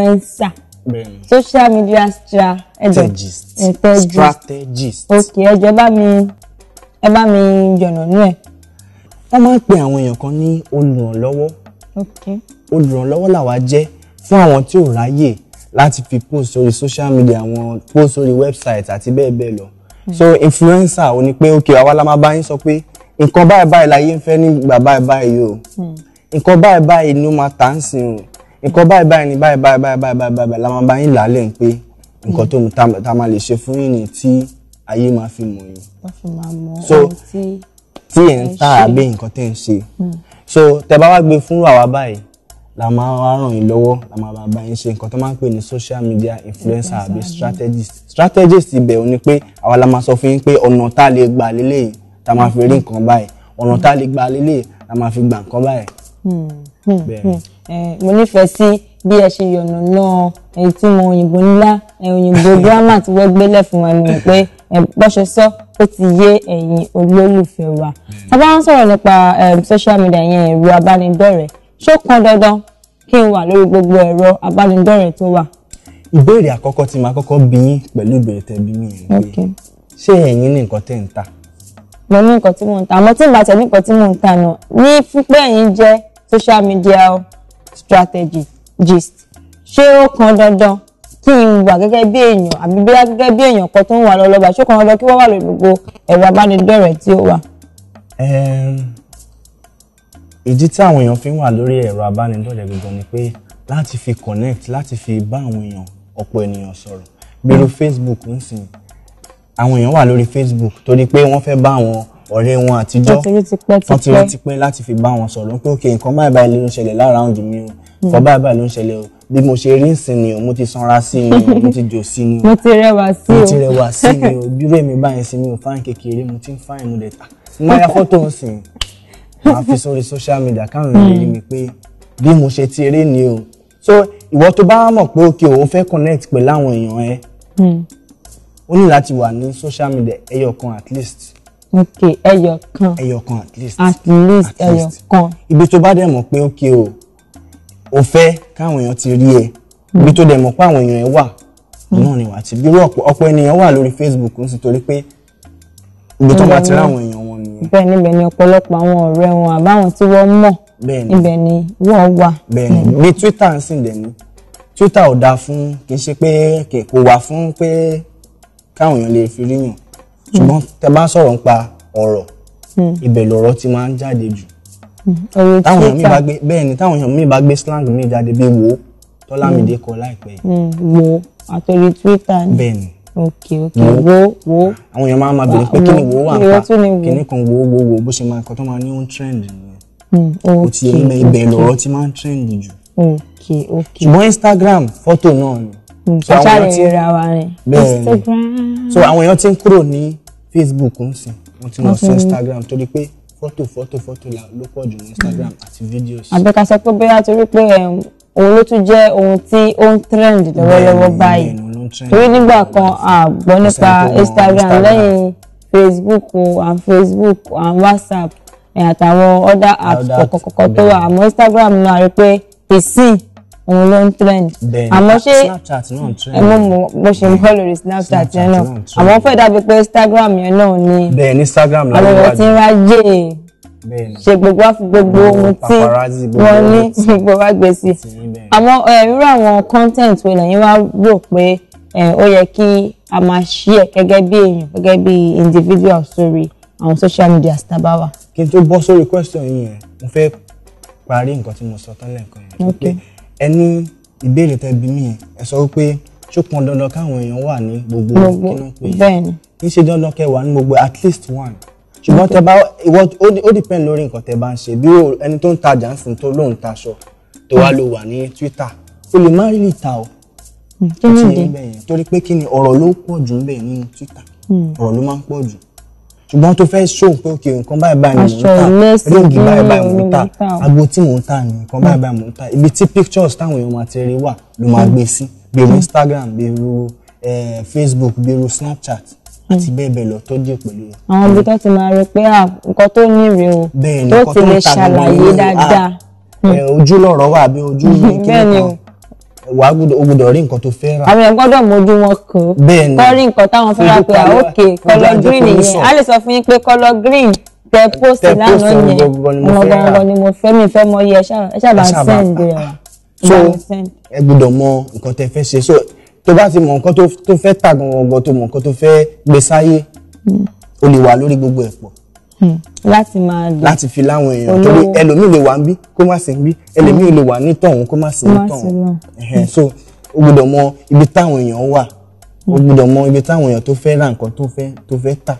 influencer social media strategist strategist ok ẹjọ bá mi ẹ bá mi yànnà nú ẹ. wọ́n máa ń pe àwọn èèyàn kan ní olùrànlọ́wọ́ olùrànlọ́wọ́ làwa jẹ́ fún àwọn tí ò ráyè láti fi post sórí social media àwọn post sórí website àti bẹ́ẹ̀ bẹ́ẹ̀ lọ hmm. so influencer ò ní pé ok àwa la máa bá yín sọ pé nǹkan báyìí báyìí la yín fẹ́ nígbà báyìí báyìí o hmm. nǹkan báyìí báyìí ló máa tà ń sìn o nǹkan báyìí báyìí ni báyìí báyìí báyìí báyìí báyìí báyìí la máa bá yín làálẹ̀ ń pé nǹkan tó ta máa lè ṣe fún yín ni tí ayé máa fi mọ̀ yín. wọ́n tí ẹ̀ ń tà àbí nǹkan tẹ̀ ń ṣe. Hmm. so tẹ bá wá gbé fún àwa báyìí la máa wá ràn yín lọ́wọ́ la máa bá bá yín ṣe nǹkan tó máa ń pè ní social media influencer àbí strategist strategist ibẹ̀ ò ní pé àwa la máa sọ fún yín pé ọ̀nà tá a lè gbà lélẹ́yìí tá máa fi rí nǹkan báyìí ọ̀nà tá a lè gbà lélẹ́yìí tá máa fi gbà nǹkan báyìí. Hmm, hmm, bẹ́ẹ̀ mo nífẹ̀ẹ́ sí bí ẹ ṣe yọ̀nà náà èyí tí mo òyìnbó ńlá òyìnbó gírámà tí wọ́n gbélé fún wa nìyẹn pé bọ́ṣe sọ ó ti yé ẹ̀yin olólùfẹ́ wa. bàbá wọn sọ̀rọ̀ nípa social media yẹn ẹ̀rọ abánidọ́rẹ̀ẹ́ ṣó pọn dandan kí n wà lórí gbogbo ẹ̀rọ abánidọ́rẹ̀ẹ́ tó wà. ìbéèrè àkọ́kọ́ tí màá kọ́kọ́ bí yín pẹ̀lú ìbéèrè tẹ́ bí mi yẹn pé ṣé ẹ̀yin ní nǹkan tẹ́ ń ta. mo ní nǹkan tí mò ń ta àmọ́ tí n bá tẹ̀ ní nǹkan tí mò ń ta náà ní fúnpẹ́ yín jẹ́ social media o strategy gist ṣé ó kan dandan kí n wà gẹ́gẹ́ bí èèyàn àbí bí gẹ́gẹ́ bí èèyàn kan tó ń wà lọ́lọ́ba ṣé ó kan dandan kí wọ́n wà lórí gbogbo ẹ̀rọ abánidọ́rẹ̀ẹ́ tí ó wà. ìdí tí àwọn èèyàn fi ń wà lórí ẹ̀rọ abánidọ́rẹ̀ẹ́ gangan ni pé láti fi connect láti fi bá àwọn èèyàn ọ̀pọ̀ ènìyàn sọ̀rọ̀ gbèrú Facebook ń sìn àwọn èèyàn wà lórí Facebook torí pé wọ́n fẹ́ bá àwọn ọ̀rẹ́ wọn àtijọ́ wọ́n ti rí tipẹ́ láti fi bá wọn sọ̀rọ̀ pé òkè nǹkan báyìí báyìí ló ń ṣẹlẹ̀ láround mi o nǹkan hmm. báyìí báyìí ló ń ṣẹlẹ̀ o bí mo ṣe rí ìsìn ni o mo ti sanra sí ni o mo ti jò sí ni o mo ti rẹwà sí o mo ti rẹwà sí ni o bí rèmi báyìí sí ni o fáìn kékeré mo ti ń fáìn mo dẹ̀ ta mo ya fọ́tò ń sìn máa fi sórí social media káwọn èèyàn hmm. rí mi pé bí mo ṣe ti rí ni o so ìwọ tó bá mọ̀ pé òkè òun fẹ́ connect pẹ̀lú àwọn èèyàn ẹ hmm. ó ní láti wà ní social media ẹyọ kan at least ok ẹyọ kan ẹyọ kan at least at least ẹyọ kan. ibi tó bá dẹ̀ mọ̀ pé ok o ò fẹ́ káwọn èèyàn ti rí ẹ ibi tó dẹ̀ mọ̀ pé àwọn èèyàn ẹ wà náà ni wà á ti bí irú ọ̀pọ̀ ènìyàn wà lórí Facebook ń sì torí pé ibi tó bá ti rí àwọn èèyàn wọn nìyẹn. bẹ́ẹ̀ níbẹ̀ ni ọ̀pọ̀lọpọ̀ àwọn ọ̀rẹ́ wọn àbáwọn tí wọ́n mọ̀ ibẹ̀ ni wọ́n wà. bẹ́ẹ̀ ni bí Twitter ń sìn dẹ̀ ni Twitter ò dáa fún kì í ṣe pé kò wà fún pé káwọn èèyàn lè fi ríyàn ṣùgbọ́n hmm. tẹ bá sọ̀rọ̀ nípa ọ̀rọ̀ hmm. ibẹ̀ lọ̀rọ̀ ti máa ń jáde jù hmm. táwọn èèyàn mi bá gbé bẹ́ẹ̀ ni táwọn èèyàn mi bá gbé slang mi jáde bí wo tọ́lámídé kọ láìpẹ́ yìí. wo àtòrí twitter ni bẹ́ẹ̀ ni ok wo wo. àwọn èèyàn máa ma bèrè pé kí ni wo wà nípa kí ni kan wo wo wo bó ṣe máa nǹkan tó máa ní ó trend nìyẹn. o ti yẹ mẹ ibẹ̀ lọ̀rọ̀ ti máa ń trend jù. ṣùgbọ́n instagram fọ́tò náà ni. ṣàṣàlẹ̀ ìrora wa rẹ̀ instagram. so àwọn èèyàn ti ń kúrò ní Facebook ń sìn wọ́n ti lọ sí Instagram torí pé fọ́tò fọ́tò fọ́tò ló pọ̀ jù Instagram àti videos. àbẹ̀ká sọ pé bóyá torí pé òun ló tún jẹ́ ohun tí ó ń trend lọ́wọ́lọ́wọ́ báyìí torí nígbà kan a gbọ́ nípa Instagram lẹ́yìn Facebook and Facebook and WhatsApp àtàwọn other apps kọ̀kọ̀kọ̀ tó wà àmọ́ Instagram náà rí pé ìsìn òun ló ń trend àmọ́ ṣé mo mo ṣe ń bọ́ lórí snapchat yẹn náà àmọ́ fẹ́ dàbí pé instagram yẹn náà ni àwọn èèyàn ti ń ráyè ṣe gbogbo àfi gbogbo ohun tí wọ́n ní gbogbo wá gbé sí àmọ́ irú àwọn content wo lẹ́yìn wá rò pé ó yẹ kí a máa share gẹ́gẹ́ bí èèyàn gẹ́gẹ́ bí individual sórí àwọn social media tábà wà. kí n tó bọ́ sórí question yìí yẹn mo fẹ́ parí nǹkan tí mo sọ tán lẹ́ẹ̀kan yẹn ẹ ní ìbéèrè tẹ́ bí mí yẹn ẹ sọ wípé ṣó pọn dandan káwọn èèyàn wà ní gbogbo kínú pé bẹ́ẹ̀ni kì ṣe dandan kẹ́ ní gbogbo at least one ṣùgbọ́n tẹ́ bá ìwọ ó depend lórí nǹkan tẹ́ bá ń ṣe bí ẹni tó ń tajà ń sìn tó lóun taṣọ tó wá ló wà ní Twitter o lè má rí lè ta o hmm, kí ni ìdí torí pé kí ni ọ̀rọ̀ ló pọ̀ jù ń bẹ nínú Twitter hmm. ọ̀rọ̀ ló máa ń pọ̀ jù ṣùgbọ́n tó fẹ́ ṣó pé òkè nǹkan báyìí báyìí mò ń tà ríǹgì báyìí báyìí mò ń tà agbo tí mò ń tà ní nǹkan báyìí báyìí mò ń tà ibi tí pictures táwọn èèyàn máa ti rí wà ló máa gbé sí bí irú Instagram bí irú Facebook bí irú Snapchat àti mm. bẹ́ẹ̀ bẹ́ẹ̀ lọ tó jẹ́ pẹ̀lú. àwọn ibi tó ti máa rí pé nǹkan tó ní rèé o tó ti lè ṣàlàyé dáadáa. ojú lọ̀rọ̀ wà bí ojú ní kíni kan wà á gbọ́dọ̀ rí nǹkan tó fẹ́ rà. àwọn èèyàn gbọ́dọ̀ mójú wọn kàn án kọ́ rí nǹkan táwọn fẹ́ rà pé àókè ah, kọ́lọ́ green yẹn a lè sọ fún yín pé kọ́lọ́ green tẹ post lánàá yẹn ọmọ gbọ̀ngàn ni mo fẹ́ mi fẹ́ mọ iye ẹ ṣàbà send ẹ. so ẹ gbọ́dọ̀ mọ nǹkan tẹ fẹ́ ṣe so tó bá ti mọ nǹkan tó fẹ́ tà gangan tó mọ nǹkan tó fẹ́ gbé sáyé hmm. o lè wà lórí gbogbo ẹ̀ pọ̀ Hmm. láti máa lò láti fi láwọn èèyàn torí ẹlòmíì lè wà ń bí kó má sí ń bí ẹlòmíì hmm. lè wà ní tọ̀hún kó má sí ní tọ̀hún so o gbọ́dọ̀ mọ ibi táwọn èèyàn wà o hmm. gbọ́dọ̀ mọ ibi táwọn èèyàn tó fẹ́ ra nǹkan tó fẹ́ tó fẹ́ tà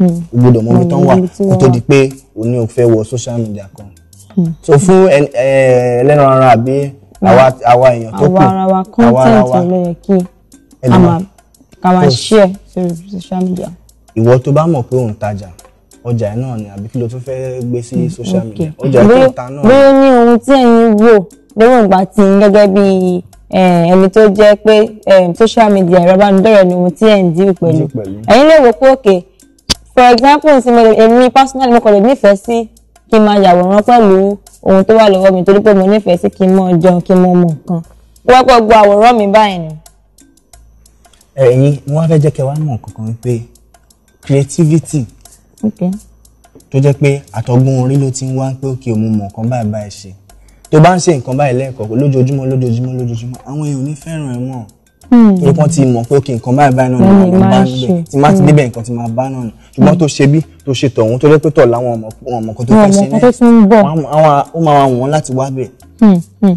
o gbọ́dọ̀ mọ ibi tán wà kó tó di pé o ní o fẹ́ wọ social media kan so fún ẹlẹ́ran ara àbí àwa èèyàn tó kù àwa ara wa content ló yẹ kí a máa ká máa share sórí social media. ìwọ tó bá mọ̀ pé òun tajà ọjà ẹ̀ náà ni àbí kí ló tún fẹ́ gbé sí social media ọjà ẹ̀ tó ta náà. bí ó ní ohun tí ẹ̀yin wò lórí ìgbà tí gẹ́gẹ́ bí eh, ẹni tó jẹ́ pé eh, social media ẹ̀rọ abánidọ́rẹ̀ ni ohun tí ẹ̀ ń dín pẹ̀lú ẹ̀yin lè wò pé òkè for example ti mo èmi personally mo kọ̀ lè nífẹ̀ẹ́ sí kí n máa yàwòrán pẹ̀lú ohun tó wà lọ́wọ́ mi torí pé mo nífẹ̀ẹ́ sí kí n mọ̀ jẹun kí n mọ̀ mọ̀ nǹkan wọ́pọ̀ gbọ́ àwòrán mi báyìí ni ẹ̀yin wọ́n fẹ́ jẹ́ kẹ́ wá kankan wípé creativity tó jẹ́ pé àtọ́gbọ́n orí ló ti ń wá pé òkè òmu mọ̀ nǹkan báyìí báyìí ṣe tó bá ń ṣe nǹkan báyìí lẹ́ẹ̀kọ̀ọ́ lójoojúmọ́ lójoojúmọ́ lójoojúmọ́ àwọn èèyàn ò ní fẹ́ràn ẹ̀ mọ́ hmm. torí wọ́n ti mọ̀ pé òkè nǹkan báyìí báyìí náà ni máa bá níbẹ̀ tí má ti hmm. débẹ̀ nǹkan ti máa bá náà ni ṣùgbọ́n tó ṣe bí tó ṣe tọ̀hún tó jẹ́ pé tọ̀ láwọn ọmọ kan tó fẹ́ ṣe náà ó máa wà wọ́n láti wá bẹ̀ hmm,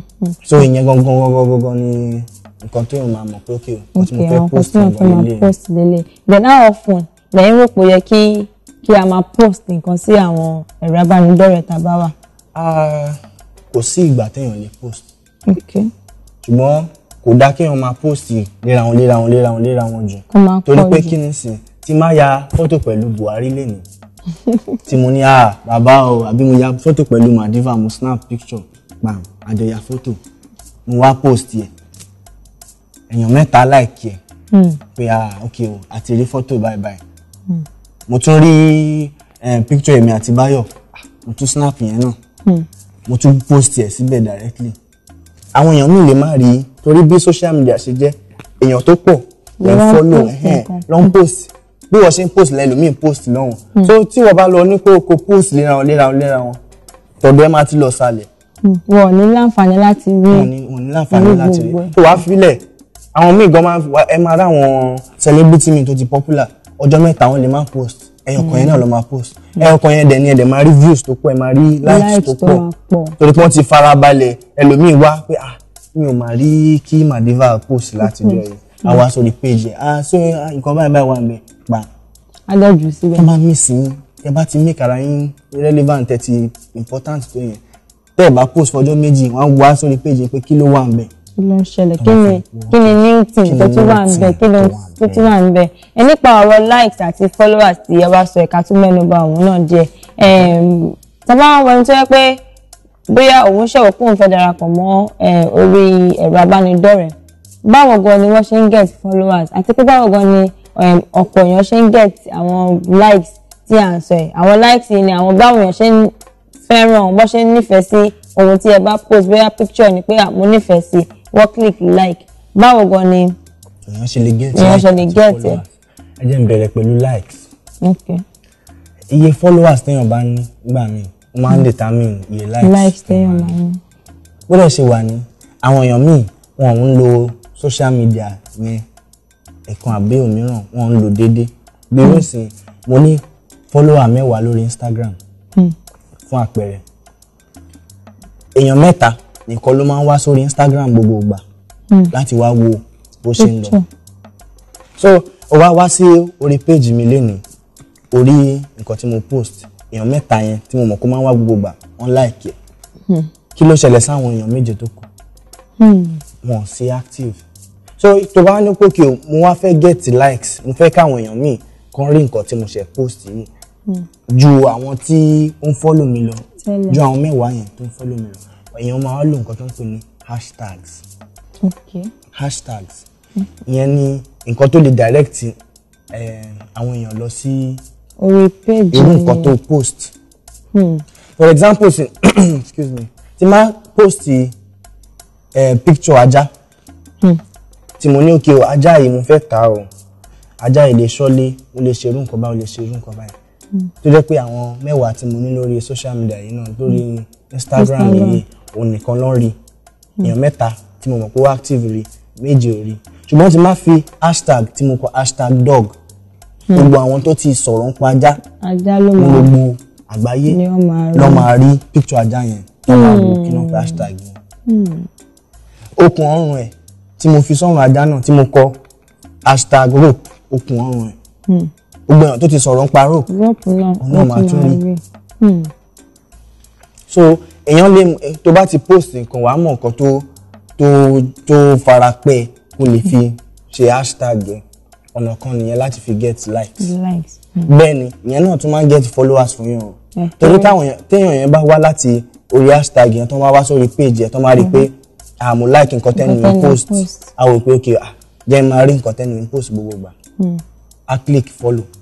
so ìyẹn gangan gangan gangan ni nǹkan tó yàn máa mọ̀ pé òkè nǹkan tí mo fẹ́ post lélẹ̀ then how often lẹ́yìn rò pé ó yẹ kí kí a máa post nǹkan sí àwọn ẹ̀rọ abánidọ́rẹ̀ẹ́ tá a bá wà. kò sí ìgbà téèyàn lè post. ṣùgbọ́n kò dá kéèyàn máa post léra wọn léra wọn léra wọn léra wọn jù. kó máa pọ̀ jù torí pé kí ni sìn tí má ya fọ́tò pẹ̀lú Buhari lẹ́nu tí mo ní ah bàbá o àbí mo ya fọ́tò pẹ̀lú Madiva mo snap picture pam àjọyà fọ́tò mo wá post yẹ èèyàn mẹ́ta like yẹ hmm. pé ah ok o àti rí fọ́tò bye bye. Hmm mo tún rí eh, picture èmi àti Báyọ̀ mo tún snap yẹn náà hmm. mo tún post ẹ̀ síbẹ̀ directly àwọn èèyàn mi lè má rí torí bí social media ṣe jẹ́ èèyàn tó pọ̀ lè follow ló post bí wọ́n ṣe ń post lẹ́lòmíì post lọ́hùn hmm. so tí wọ́n bá lọ ní kó post léra wọn léra wọn léra wọn tọ̀dọ̀ ẹ máa ti lọ sálẹ̀. Hmm. wọn ò ní láǹfààní láti rí wọn ò ní láǹfààní láti rí tó wàá filẹ̀ àwọn míì gan máa ẹ máa ráwọn celebrity mi tó ti popular ọjọ́ mẹ́ta wọn lè máa post ẹyọkan yẹn náà lọ máa post mm. ẹyọkan yẹn dẹ̀ ni ẹ̀dẹ̀ máa rí views tó pọ̀ ẹ̀ máa rí likes tó pọ̀ torí pé wọ́n ti fara balẹ̀ ẹlòmíì wá pé ah mi ò máa rí kí madiva post láti jọ yẹn àwa sórí page ah so ah, nǹkan báyìí báyìí wà ń bẹ pa. adájú síbẹ̀. ẹ máa mí sí i ẹ bá ti make ara yín relevant ẹ ti important tó yẹn tẹ́ ẹ bá post fọjọ́ méjì wọ́n á wá sórí page yẹn pé kí ló wà ń bẹ̀ ló ń ṣẹlẹ̀ kí ni kí ni new thing tó tún wà níbẹ̀ kí ló tó tún wà níbẹ̀ ẹ nípa ọ̀rọ̀ likes àti followers ti ẹ wá sọ ẹ̀ka tún mẹ́nuba òun náà díẹ̀ tàbá wọn wọlé tó yẹ pé bóyá òun ṣẹ̀wọ̀ kóun fẹ́ darapọ̀ mọ́ orí ẹ̀rọ abánidọ́rẹ̀ẹ́ báwo gan ni wọ́n ṣe ń get followers àti pé báwo gan ni ọ̀pọ̀ èèyàn ṣe ń get àwọn likes tí à ń sọ ẹ̀ àwọn likes yìí ni àwọn báwo èèyàn ṣe ń fẹ́ràn bó ṣe ń nífẹ̀ẹ́ sí ohun tí ẹ bá post bóyá picture ni pé mo nífẹ̀ẹ́ sí i what click like báwo gan ni èèyàn ṣe lè get èèyàn ṣe lè get ẹ ẹ jẹ́ n bẹ̀rẹ̀ pẹ̀lú likes iye followers téèyàn bá ní gbà mí ó máa ń hmm. determine iye likes Likes téèyàn máa ní gbọ́dọ̀ ṣe wà ní àwọn èèyàn míì wọn ò ń lo social media yẹn ẹ̀kan àbí òmíràn wọn ń lò déédéé bí wọ́n hmm. sì mo ní followers mẹ́wàá lórí Instagram hmm. fún àpẹẹrẹ èèyàn mẹ́ta nìkan ló máa ń wá sórí Instagram gbogbo ìgbà hmm. láti wá wo bó ṣe ń lọ so ó wá wá sí orí péjì mi lénìí orí nǹkan tí mo post èèyàn mẹ́ta yẹn tí mo mọ̀ kó máa ń wá gbogbo ìgbà wọ́n láìkì ẹ̀ hmm. kí ló ṣẹlẹ̀ sáwọn èèyàn méje tó kù hmm. wọn sí active so tó bá ní pé o mo wá fẹ́ get likes mo fẹ́ káwọn èèyàn míì kan rí nǹkan tí mo ṣe post yìí ju àwọn tí ó ń fọ́lò mi lọ ju àwọn mẹ́wàá yẹn tó ń fọ́lò mi lọ èèyàn máa wá lo nǹkan tó ń pè ní hashtags. Okay. hashtags mm. ìyẹn ni nǹkan tó lè direct àwọn èèyàn lọ sí irú nǹkan tó post. Hmm. for example si excuse me ti ma post eh, picture ajá hmm. tí mo ní òkè o ajá yìí mo fẹ́ ta o ajá yìí lè ṣọ́lé o lè ṣerú nǹkan báyìí o lè ṣerú nǹkan báyìí hmm. tó jẹ́ pé àwọn mẹ́wàá tí mo ní lórí social media yìí náà lórí hmm. Instagram yìí òun nìkan ló ń rí hmm. èèyàn mẹ́ta tí mo mọ̀ pé ó active rí méje ò rí ṣùgbọ́n ti má fi hashtag tí mo kọ hashtag dog hmm. gbogbo àwọn tó ti sọ̀rọ̀ ń pa ajá gbogbo àgbáyé ló máa rí picture ajá yẹn tó máa wò kí ló ń fi hashtag yẹn. Hmm. okùn ọrùn ẹ̀ tí mo fi sọ̀rọ̀ ajá náà tí mo kọ hashtag rope okùn ọrùn ẹ̀ gbogbo èèyàn tó ti sọ̀rọ̀ ń pa rope òun náà máa tún rí. so èèyàn lè tó bá ti post nǹkan wàá mọ̀ nǹkan tó tó tó fara pẹ́ kó lè fi ṣe hashtag yẹn ọ̀nà kan nìyẹn láti fi get likes. likes. Hmm. bẹ́ẹ̀ ni ìyẹn náà tún máa ń get followers fún yàn o eh, torí eh. táwọn téèyàn yẹn bá wá láti orí hashtag yẹn tó máa wá sórí page yẹn tó máa rí i pé hmm. àmú like nǹkan tẹ́nu yẹn post àwọn òpè òkè jẹ́ máa rí nǹkan tẹ́nu yẹn post gbogbo gbà á hmm. click follow.